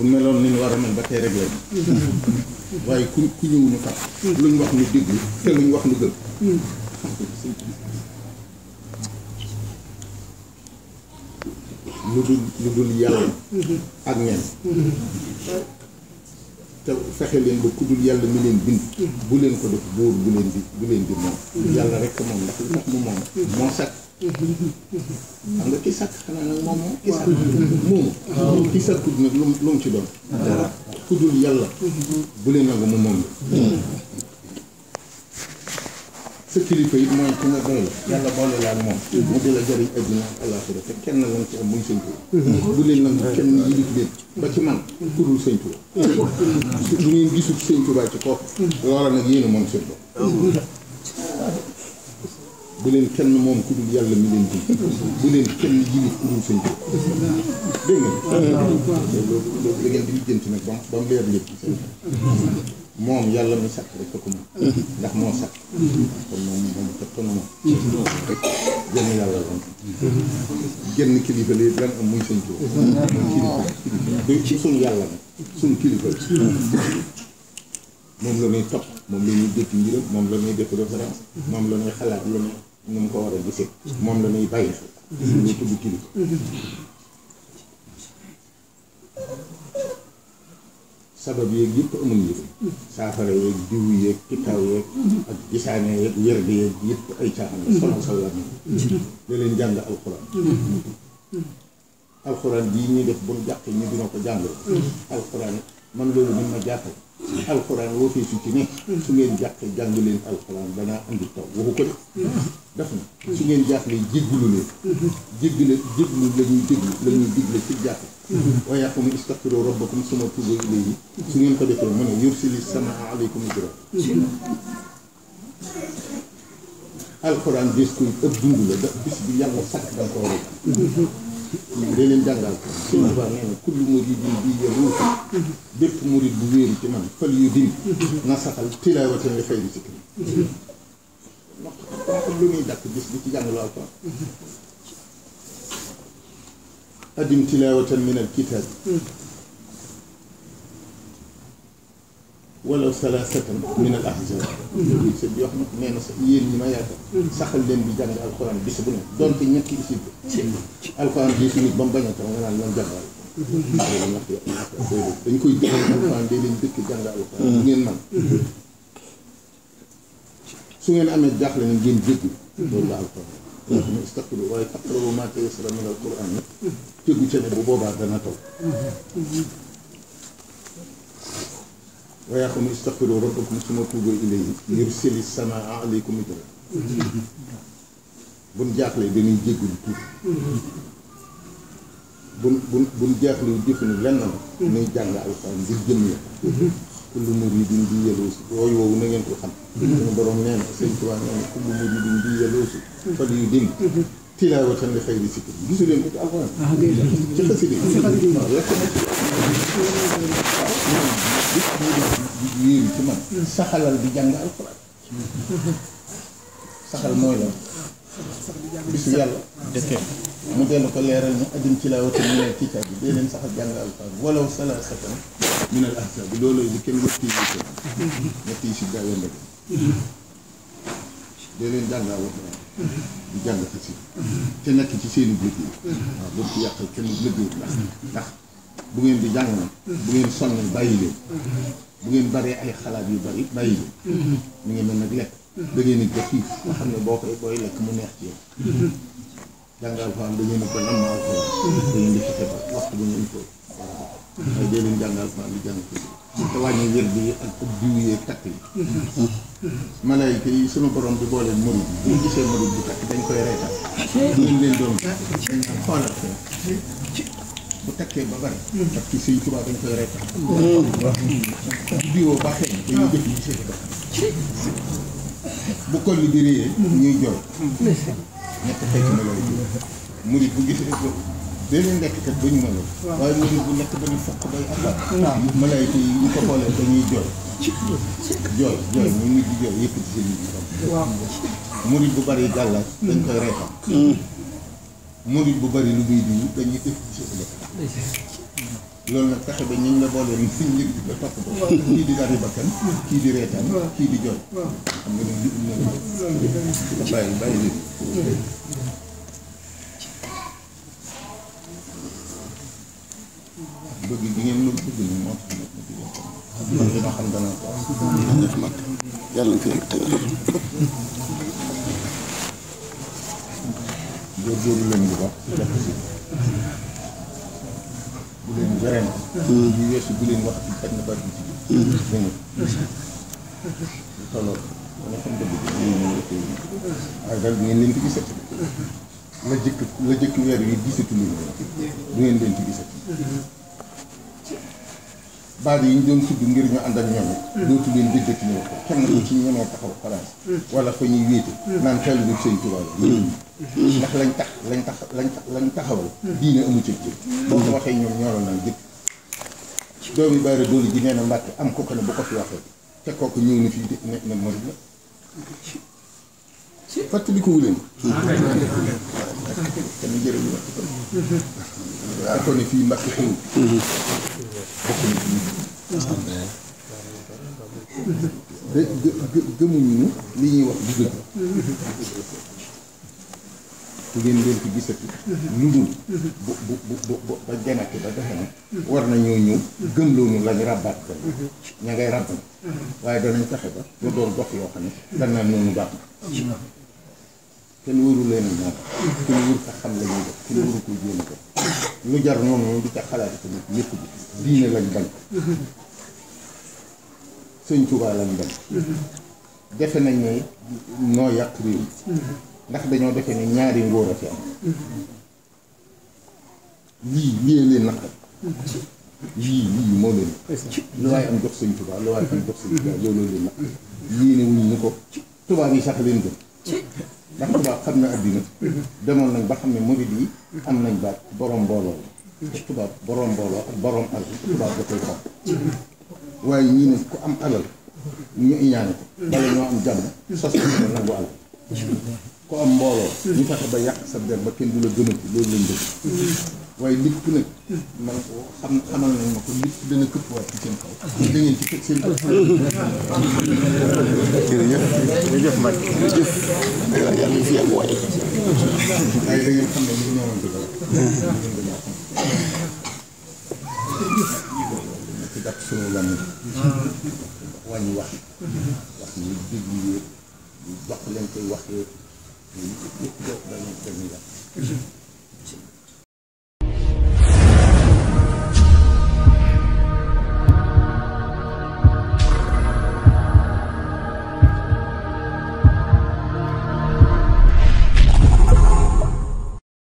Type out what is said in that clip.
bu meloon ni war a mel ba tey rek lañ waaye ku ku ñëw ñu fàq luñ wax ñu déglu te luñ wax nu gëm lu dul lu dul yàlla ak ñen te fexe leen ba ku dul yàlla mi leen bind bu leen ko def buur bu leen bi bu leen bi moom yàlla rek moom ndax lu tax mu moom moo sakk xam nga kisak xanaa nag moom moo kisak moomu kisak tudd nag lu lu mu ci doon dara ku dul yàlla bu leen nangu mu moom la sa kilifa yi mooy ku nga doy la yàlla boole la ak moom mu di la jëriñ adduna ak àllaaxira te kenn lañ ci am muy sëñ Tuubaa bu leen nangu kenn yilif leen ba ci man ku dul sëñ Tuubaa bu ngeen gisul sëñ Tuubaa ci kooku loola nag yéen a moom seen bopp bu leen kenn moom ku dul yàlla mi leen di bu leen kenn yilif ku dul sëñ nag moom yàlla mi sàkk rek ko moom moo sàkk moom la genn kilifa li lan am muy ci suñ yàlla nag kilifa moom la ñuy topp moom la ñuy dégg ngiram moom la ñuy def référence moom la ñuy xalaat lu nu mu ko war a gisee moom la ñuy bàyyi su ñu tudd kilifa sabab yeeg yëpp amul yi saafara yeeg diw yeeg kitaaw yeeg ak gisaane yeeg yëpp ay caaxaan la sonal sa làmmiñ da leen jàng alxuraan alxuraan bii ñuy def bu jàqee ñu dina ko jàngal alxuraan man loolu mën ma jàppal alxuraan woo fee su ci ne su ngeen jàqee jàng alxuraan danaa andi taw waxu ko def na su ngeen jaaxlee jéggulu leen jéggale jégglu la ñuy déglu la ñuy digle ci jàpp waaye yàqu mu istaxfiru rabbakum suma tuubu ilayhi su ngeen ko defee mu ne yursili samaa aleykum ijra alxuraan bés koy ëpp dund la ndax bis bi yàlla sàkk da nga ko war a da leen jàngal ko suñu baa nee na kullu muridin bi yaruuti bépp bu wéeru ci man fal yu din na saxal tilaawatan li xayri zikri lu muy dakk bis bi ci jàngalu alquran adim tilawatan min alkitab wala salaasatan min al ahzab sëñ bi na sax yéen ñi ma yaakaar saxal leen di jàng alxuraan bis bu ne donte ñetti isib alxuraan bi si nit ba mu bañ a taw nga naan man jàngal dañ koy jëfal alxuraan day leen dëkk jàng alxuraan ngeen man bu ngeen amee jaaxle na ngeen jéggu loolu la alquran yaa xam ne istaqbilu waaye taqrabu maa tayassara min alquran nag tegu ca ne bu boobaa dana taw waaye yaa xam ne istaqbiru rabbakum suma tuuboo ilayhi yursili samaa alaykum idra buñ jaaxle dañuy jéggulu tuuti buñ buñ buñ jaaxle jëfinu lenn la nuy jàng alquran ngir jëm kullu muridin bi yeloosu yooyu woowu na ngeen ko xam mm-hmm. suñu borom nee na sëñ Tuubaa nee na kullu muridin bi yeloosu fal mm-hmm. yu din mm-hmm. tilaawatan li xayri sikri gisu leen ko alxuraan ah, ci xasida waaw lekk na man saxalal di jàng alxuraan saxal mooy la bisu yàlla mu dellu ko leeral ni addum ci laa wata mu ne ci caabi dee leen sax jàng alxuraan walaw salaasatan min al ahzaabi looloo di kenn wëtti bi ko ñett yi si gaawee leen jàng alxuraan di nekk ci seeni biir yi waaw ci yàqal kenn liggéeyut la ndax bu ngeen di jàng na bu ngeen sonn bàyyi leen bu ngeen baree ay xalaat yu bari bàyyi leen mu ngi mel nag lekk dangay nit xam ne boo koy booy lekk mu neex ci yow. jàngal fa ba nam ko dangay di a def. waaye dee leen bi ak ak diw yeeg takk yi. malayka yi dañ koy reetal. bu ñu leen takkee ba bari. parce que suñ koy reetal. waaw diwoo baaxee dañuy jëf ñu bu kol bi réyee ñuy jooy ñett fekk na loolu murit bu gisee beneen lekk kat ba ñu melo waaye murit bu lekk ba ñu fokk bay attaat malayka yi ñu ko xoolee dañuy jooy jooy jooy ñu nit di jooy yëpp di seen murit bu bari gàllaaj dañ koy reetaan mm. murit bu bari lu muy diw dañuy def ci lekk loolu nag fexe ba ñu ñu la boole ñu ngi ba topp ko. kii di dari bakkan. kii di kii di jooy. xam nga loolu lépp bàyyi bàyyi lépp. bëgg bi ngeen bëgg nii moo tax nekk ci boppam. man li ma xam ko am. def mag yàlla fi yàgg tëgal. góorgóorlu wereen yu mm-hmm. weesu bu leen wax ci ak na baat bi ci biir mm-hmm. dégg nga lu tolloo wala xam dëgg bi ak dal bi ngeen leen ci gisati la jëkk la jëkk weer yi gisatu leen du mm-hmm. ngeen leen ci gisati baal yi ñu doon tudd ngir ñu ànd ak ñoom. dootu leen dëggati ñu ko. kenn ku ci ñemee taxaw place. wala fa ñuy wéete. naan xel du sëñ tubaab yi. ndax lañ tax lañ tax lañ tax lañ taxawal. diine amu ci jëkk. boo ko waxee ñoom ñoroon nañ jëkk. doomi baara doole ji nee na mbàkk am ko ko ne bu ko fi waxee te kooku ñëw na fii ne ne la. fàttaliku leen. tamit jërë nga wax. ne fii mbàkk xew. bokk na fi ñu. gëmuñu li ñuy wax du dëgg. ku ngeen leen fi gisati. lu dul. bu bu bu bu ba janati ba defe na. war nañoo ñëw. gëm loolu lañu rabaat ko. ña ngay rabat. waaye danañ fexe ba. lu doon gox yoo xam ne. danañ noonu baax kenn wëru leen moom ko xam la ñuy def kenn wëru ko jéem ko lu jar noonu moom di ca xalaat ko nit ñëpp bi diine lañ bañ sëñ Tuubaa lañ bañ defe nañ ne ndax dañoo defe ne ñaari ngóor a fi am lii lii leen naqar yii yii moo leen lu waaye am jox sëñ Tuubaa lu waaye am jox sëñ Tuubaa loolu leen naqar yéene wuñ ñu ko tubaab yi sax leen gën ndax tubaab xam na adduna demoon nañ ba xam ne murid yi am nañ baat borom mbooloo la ci tubaab borom mbooloo ak borom alal ci xam waaye ñii ne ku am alal ñu iñaane ko bala ñoo am jàmm sos ko nangu alal ku am mbooloo ñu fexe ba yàq sa der ba kenn du la gëmati loolu lañ dëgg waaye nit ku nekk man ko xam xamal nañ ma ko nit dana këppwaat ci seen kaw da ngeen ci teg seen jërëjëf jërëjëf Mbacke jërëjëf yàlla waaye waaye da ngeen xam ne li ñëwoon dëgg la ci gàtt suñu lan wàññi wax wax ñu déglu yéeg ñu jox leen koy wax